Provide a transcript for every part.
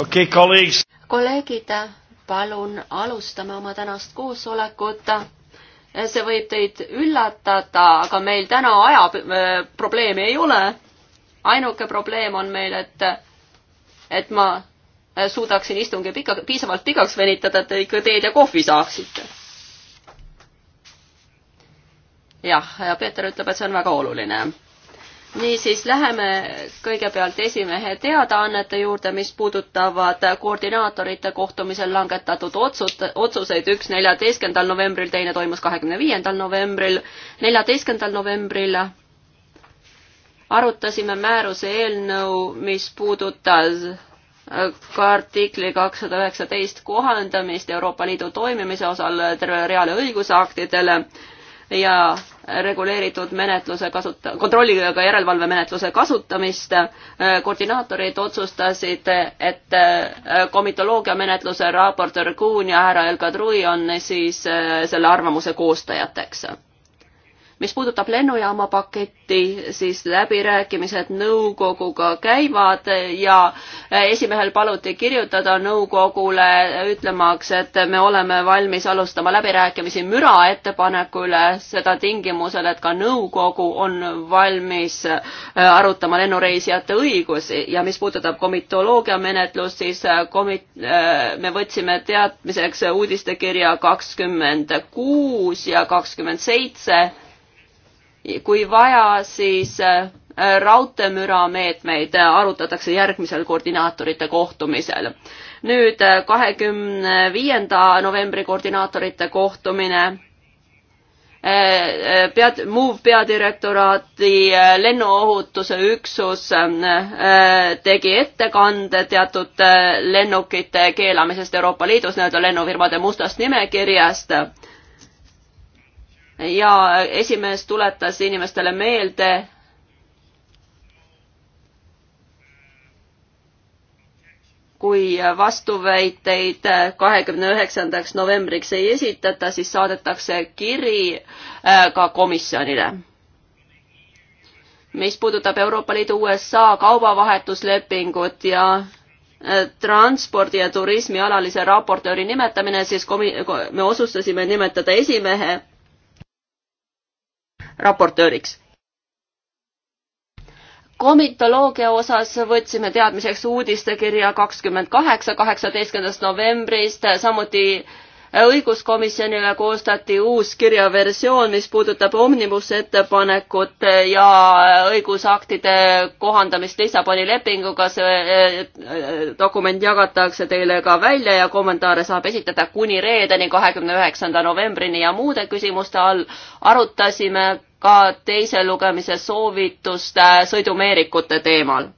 okei okay,, kolleegid. kolleegid, palun alustame oma tänast koosolekut. see võib teid üllatada, aga meil täna aja äh, probleemi ei ole. ainuke probleem on meil, et, et ma äh, suudaksin istungi pika, piisavalt pikaks venitada, et te ikka teed ja kohvi saaksite. jah, ja Peeter ütleb, et see on väga oluline niisiis läheme kõigepealt esimehe teadaannete juurde, mis puudutavad koordinaatorite kohtumisel langetatud otsut, otsuseid, üks neljateistkümnendal novembril, teine toimus kahekümne viiendal novembril. neljateistkümnendal novembril arutasime määruse eelnõu, mis puudutas ka artikli kakssada üheksateist kohandamist Euroopa Liidu toimimise osal terve reale õigusaktidele ja reguleeritud menetluse kasuta-, kontrolliga ka järelevalvemenetluse kasutamist. koordinaatorid otsustasid, et komitoloogia menetluse raportöör Kuhn ja härra El Kadri on siis selle arvamuse koostajateks mis puudutab lennujaama paketti, siis läbirääkimised nõukoguga käivad ja esimehel paluti kirjutada nõukogule ütlemaks, et me oleme valmis alustama läbirääkimisi müra ettepaneku üle, seda tingimusel, et ka nõukogu on valmis äh, arutama lennureisijate õigusi ja mis puudutab komitoloogia menetlust, siis äh, komit-, äh, me võtsime teadmiseks uudistekirja kakskümmend kuus ja kakskümmend seitse kui vaja, siis äh, raudteemüra meetmeid äh, arutatakse järgmisel koordinaatorite kohtumisel. nüüd äh, kahekümne viienda novembri koordinaatorite kohtumine pead-, MOVE peadirektoraati lennuohutuse üksus tegi ettekande teatud lennukite keelamisest Euroopa Liidus, nii-öelda lennufirmade mustast nimekirjast ja esimees tuletas inimestele meelde, kui vastuväiteid kahekümne üheksandaks novembriks ei esitata, siis saadetakse kiri äh, ka komisjonile. mis puudutab Euroopa Liidu USA kaubavahetuslepingut ja äh, transpordi ja turismi alalise raportööri nimetamine, siis komi-, me otsustasime nimetada esimehe raportööriks. komitoloogia osas võtsime teadmiseks uudistekirja kakskümmend kaheksa, kaheksateistkümnendast novembrist, samuti õiguskomisjonile koostati uus kirjaversioon, mis puudutab omnibus ettepanekut ja õigusaktide kohandamist Lissaboni lepinguga. see eh, dokument jagatakse teile ka välja ja kommentaare saab esitada kuni reedeni, kahekümne üheksanda novembrini ja muude küsimuste all arutasime ka teise lugemise soovitust äh, sõidumeerikute teemal.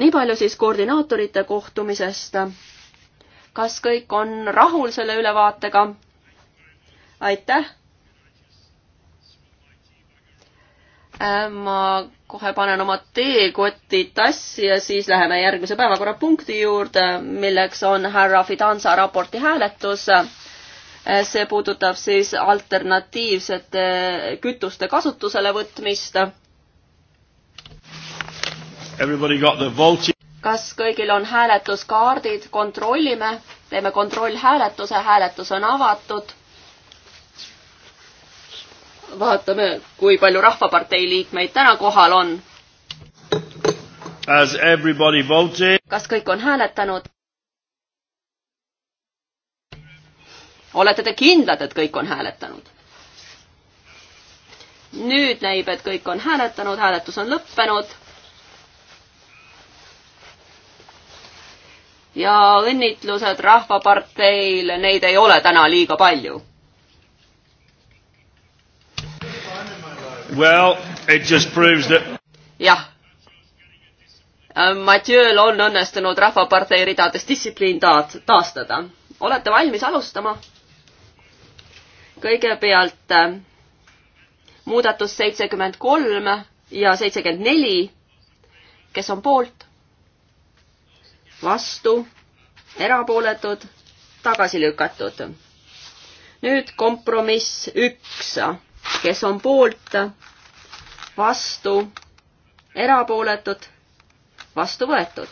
nii palju siis koordinaatorite kohtumisest. kas kõik on rahul selle ülevaatega? aitäh! Äh, ma kohe panen oma teekotti tassi ja siis läheme järgmise päevakorrapunkti juurde, milleks on härra Fidanza raporti hääletus Eh, see puudutab siis alternatiivsete kütuste kasutusele võtmist. kas kõigil on hääletuskaardid, kontrollime, teeme kontrollhääletuse, hääletus on avatud. vaatame, kui palju Rahvapartei liikmeid täna kohal on. kas kõik on hääletanud? olete te kindlad, et kõik on hääletanud? nüüd näib, et kõik on hääletanud, hääletus on lõppenud. ja õnnitlused Rahvaparteile, neid ei ole täna liiga palju. Well, it just proves that jah, Mathieu'l on õnnestunud Rahvapartei ridades distsipliin taastada. olete valmis alustama? kõigepealt äh, muudatus seitsekümmend kolm ja seitsekümmend neli, kes on poolt, vastu, erapooletud, tagasi lükatud. nüüd kompromiss üks, kes on poolt, vastu, erapooletud, vastu võetud.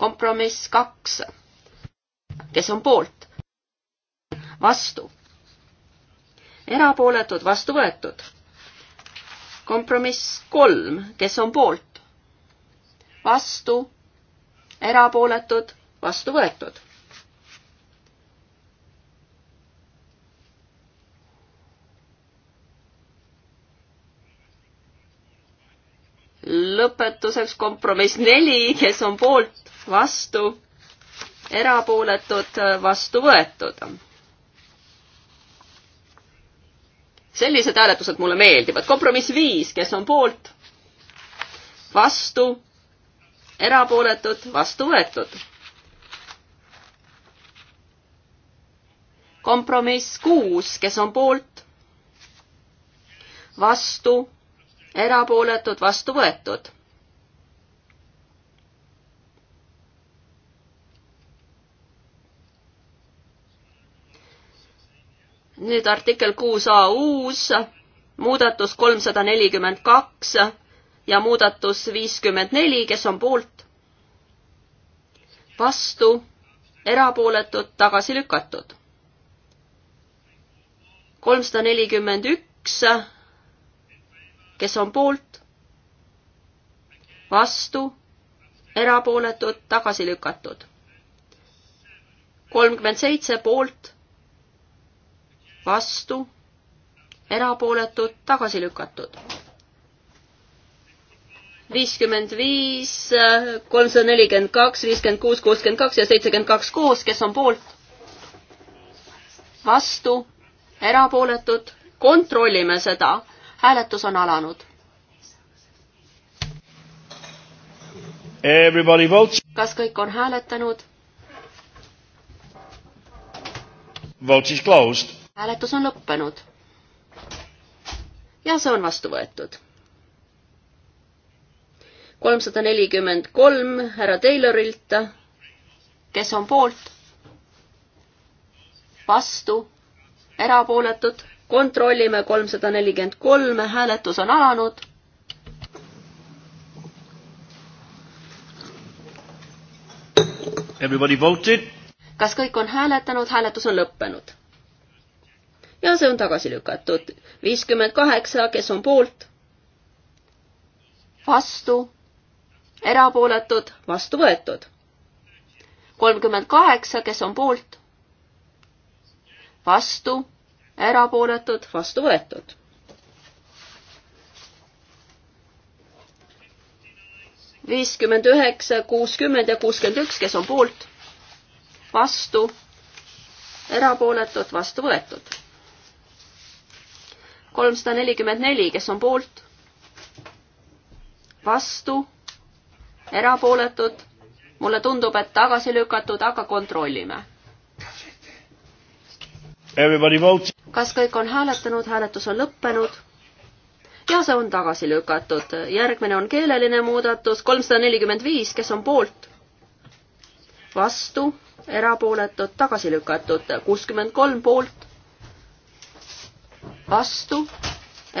kompromiss kaks, kes on poolt, vastu. erapooletud, vastu võetud. kompromiss kolm, kes on poolt? vastu, erapooletud, vastu võetud. lõpetuseks kompromiss neli, kes on poolt, vastu, erapooletud, vastu võetud sellised hääletused mulle meeldivad. kompromiss viis, kes on poolt, vastu, erapooletud, vastu võetud. kompromiss kuus, kes on poolt, vastu, erapooletud, vastu võetud nüüd artikkel kuus A uus, muudatus kolmsada nelikümmend kaks ja muudatus viiskümmend neli, kes on poolt, vastu, erapooletud, tagasi lükatud. kolmsada nelikümmend üks, kes on poolt, vastu, erapooletud, tagasi lükatud. kolmkümmend seitse poolt vastu, erapooletud, tagasi lükatud. viiskümmend viis, kolmsada nelikümmend kaks, viiskümmend kuus, kuuskümmend kaks ja seitsekümmend kaks koos, kes on poolt? vastu, erapooletud, kontrollime seda. hääletus on alanud. kas kõik on hääletanud? Vote is closed hääletus on lõppenud. ja see on vastu võetud. kolmsada nelikümmend kolm härra Taylorilt. kes on poolt? vastu? erapooletud? kontrollime kolmsada nelikümmend kolm, hääletus on alanud. Everybody voted. kas kõik on hääletanud, hääletus on lõppenud ja see on tagasi lükatud. viiskümmend kaheksa, kes on poolt? vastu, erapooletud, vastu võetud. kolmkümmend kaheksa, kes on poolt? vastu, erapooletud, vastu võetud. viiskümmend üheksa, kuuskümmend ja kuuskümmend üks, kes on poolt? vastu, erapooletud, vastu võetud kolmsada nelikümmend neli, kes on poolt, vastu, erapooletud. mulle tundub, et tagasi lükatud, aga kontrollime. kas kõik on hääletanud, hääletus on lõppenud? ja see on tagasi lükatud. järgmine on keeleline muudatus kolmsada nelikümmend viis, kes on poolt? vastu, erapooletud, tagasi lükatud, kuuskümmend kolm poolt vastu,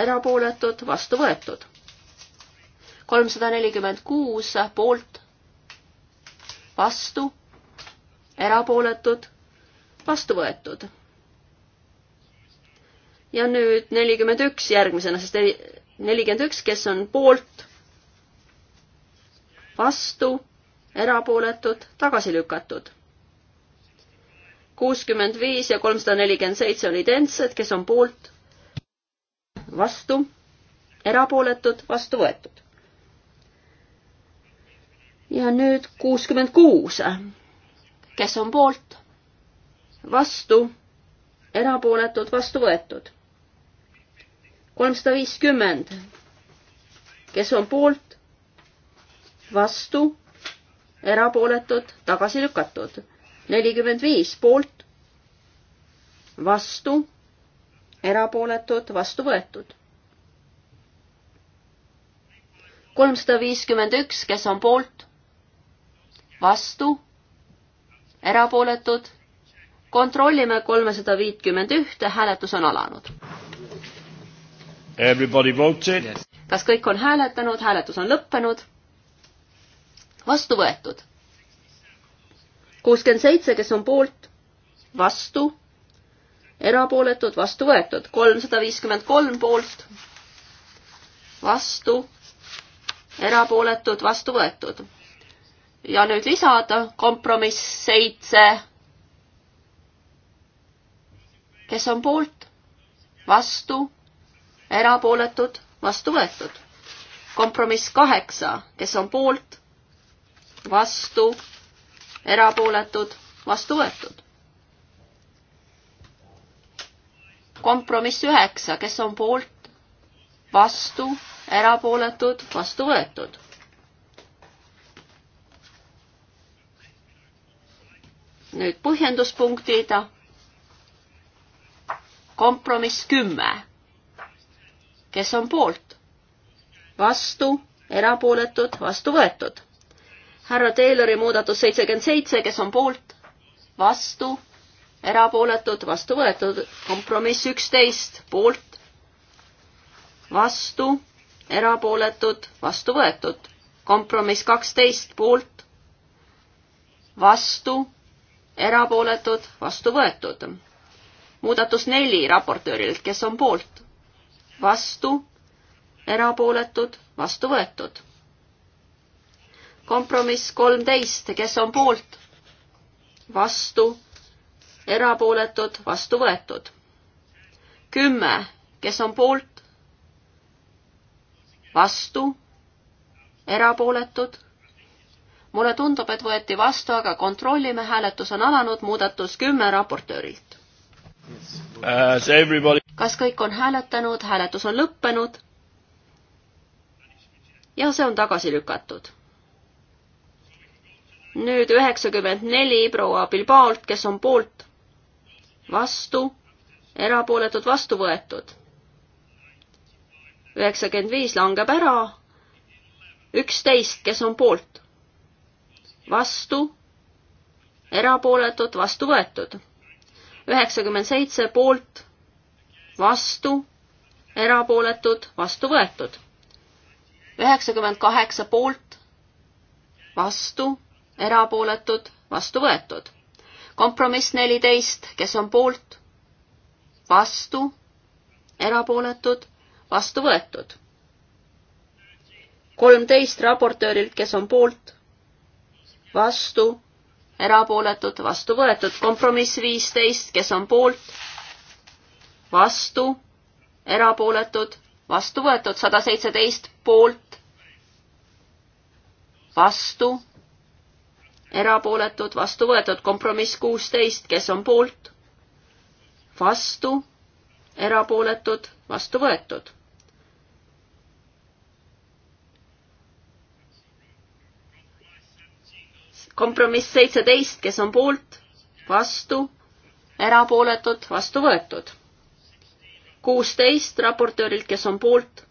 erapooletud, vastu võetud. kolmsada nelikümmend kuus poolt, vastu, erapooletud, vastu võetud. ja nüüd nelikümmend üks järgmisena, sest nelikümmend üks, kes on poolt, vastu, erapooletud, tagasi lükatud kuuskümmend viis ja kolmsada nelikümmend seitse on identsed, kes on poolt, vastu, erapooletud, vastu võetud. ja nüüd kuuskümmend kuus. kes on poolt, vastu, erapooletud, vastu võetud. kolmsada viiskümmend. kes on poolt, vastu, erapooletud, tagasi lükatud. nelikümmend viis poolt, vastu erapooletud, vastu võetud. kolmsada viiskümmend üks, kes on poolt, vastu, erapooletud, kontrollime kolmesada viitkümmend ühte, hääletus on alanud. kas kõik on hääletanud, hääletus on lõppenud? vastu võetud. kuuskümmend seitse, kes on poolt, vastu erapooletud, vastu võetud, kolmsada viiskümmend kolm poolt, vastu, erapooletud, vastu võetud. ja nüüd lisada kompromiss seitse. kes on poolt, vastu, erapooletud, vastu võetud. kompromiss kaheksa, kes on poolt, vastu, erapooletud, vastu võetud kompromiss üheksa, kes on poolt, vastu, erapooletud, vastu võetud. nüüd põhjenduspunktid. kompromiss kümme, kes on poolt, vastu, erapooletud, vastu võetud. härra Taylori muudatus seitsekümmend seitse, kes on poolt, vastu erapooletud, vastu võetud, kompromiss üksteist, poolt, vastu, erapooletud, vastu võetud, kompromiss kaksteist, poolt, vastu, erapooletud, vastu võetud. muudatus neli raportöörilt, kes on poolt, vastu, erapooletud, vastu võetud. kompromiss kolmteist, kes on poolt, vastu erapooletud, vastu võetud. kümme, kes on poolt, vastu, erapooletud. mulle tundub, et võeti vastu, aga kontrollime, hääletus on alanud, muudatus kümme raportöörilt. kas kõik on hääletanud, hääletus on lõppenud? ja see on tagasi lükatud nüüd üheksakümmend neli proua Bilbaolt, kes on poolt, vastu, erapooletud, vastu võetud. üheksakümmend viis langeb ära, üksteist, kes on poolt, vastu, erapooletud, vastu võetud. üheksakümmend seitse poolt, vastu, erapooletud, vastu võetud. üheksakümmend kaheksa poolt, vastu, erapooletud, vastu võetud kompromiss neliteist, kes on poolt, vastu, erapooletud, vastu võetud. kolmteist raportöörilt, kes on poolt, vastu, erapooletud, vastu võetud. kompromiss viisteist, kes on poolt, vastu, erapooletud, vastu võetud. sada seitseteist poolt, vastu erapooletud, vastu võetud, kompromiss kuusteist, kes on poolt, vastu, erapooletud, vastu võetud. kompromiss seitseteist, kes on poolt, vastu, erapooletud, vastu võetud. kuusteist raportöörilt, kes on poolt,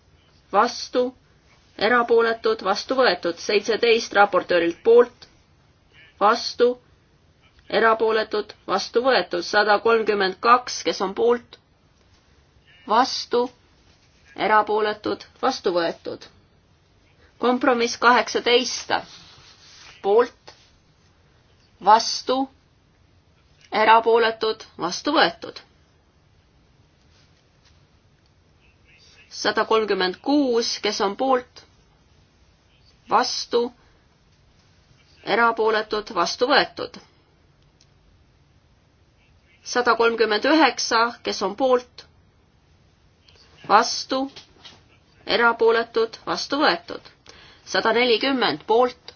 vastu, erapooletud, vastu võetud, seitseteist raportöörilt poolt vastu, erapooletud, vastu võetud, sada kolmkümmend kaks, kes on poolt, vastu, erapooletud, vastu võetud. kompromiss kaheksateist, poolt, vastu, erapooletud, vastu võetud sada kolmkümmend kuus, kes on poolt, vastu, erapooletud, vastu võetud. sada kolmkümmend üheksa, kes on poolt, vastu, erapooletud, vastu võetud. sada nelikümmend poolt,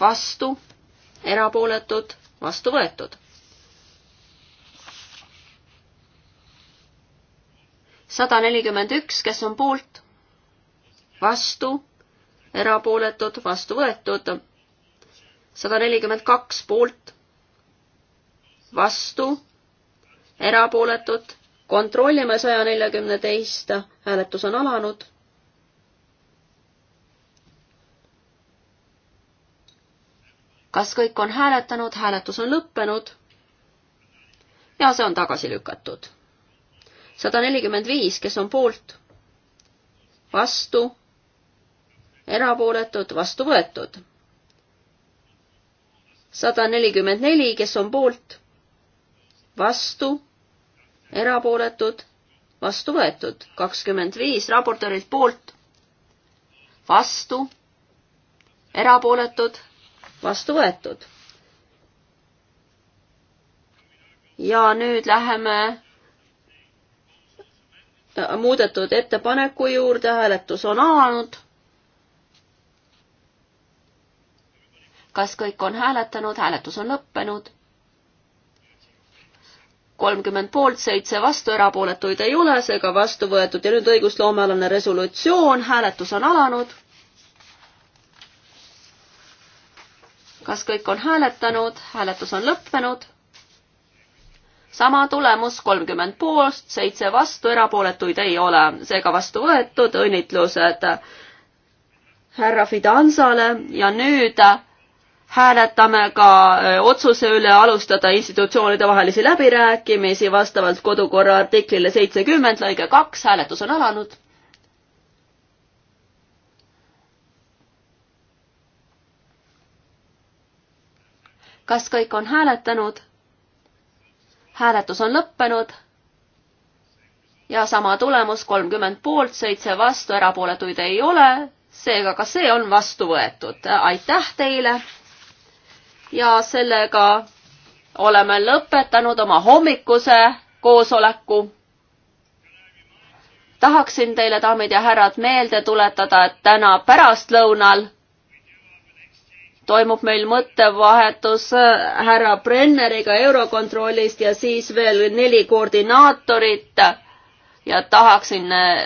vastu, erapooletud, vastu võetud. sada nelikümmend üks, kes on poolt, vastu, erapooletud, vastu võetud sada nelikümmend kaks poolt, vastu, erapooletud, kontrollime saja neljakümne teist, hääletus on alanud. kas kõik on hääletanud, hääletus on lõppenud? ja see on tagasi lükatud. sada nelikümmend viis, kes on poolt, vastu, erapooletud, vastu võetud sada nelikümmend neli, kes on poolt, vastu, erapooletud, vastu võetud, kakskümmend viis raportöörilt poolt, vastu, erapooletud, vastu võetud. ja nüüd läheme muudetud ettepaneku juurde, hääletus on alanud kas kõik on hääletanud, hääletus on lõppenud? kolmkümmend poolt, seitse vastu, erapooletuid ei ole, seega vastu võetud ja nüüd õigusloomealane resolutsioon, hääletus on alanud. kas kõik on hääletanud, hääletus on lõppenud? sama tulemus, kolmkümmend poolt, seitse vastu, erapooletuid ei ole, seega vastu võetud, õnnitlused härra Fidansale ja nüüd hääletame ka äh, otsuse üle alustada institutsioonide vahelisi läbirääkimisi vastavalt kodukorra artiklile seitsekümmend lõige kaks, hääletus on alanud. kas kõik on hääletanud? hääletus on lõppenud ja sama tulemus kolmkümmend poolt, seitse vastu, erapooletuid ei ole, seega ka see on vastu võetud. aitäh teile! ja sellega oleme lõpetanud oma hommikuse koosoleku. tahaksin teile, daamid ja härrad, meelde tuletada, et täna pärastlõunal toimub meil mõttevahetus äh, härra Brenneriga Eurokontrollist ja siis veel neli koordinaatorit ja tahaksin äh,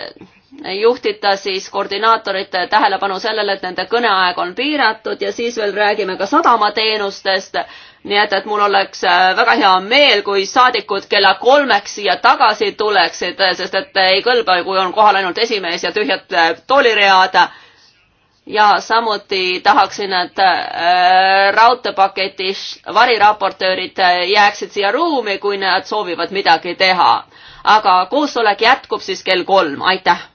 juhtida siis koordinaatorite tähelepanu sellele, et nende kõneaeg on piiratud ja siis veel räägime ka sadamateenustest. nii et, et mul oleks äh, väga hea meel, kui saadikud kella kolmeks siia tagasi tuleksid, sest et ei kõlba, kui on kohal ainult esimees ja tühjad äh, tooliread. ja samuti tahaksin, et äh, raudteepaketi variraportöörid jääksid siia ruumi, kui nad soovivad midagi teha aga koosolek jätkub siis kell kolm, aitäh!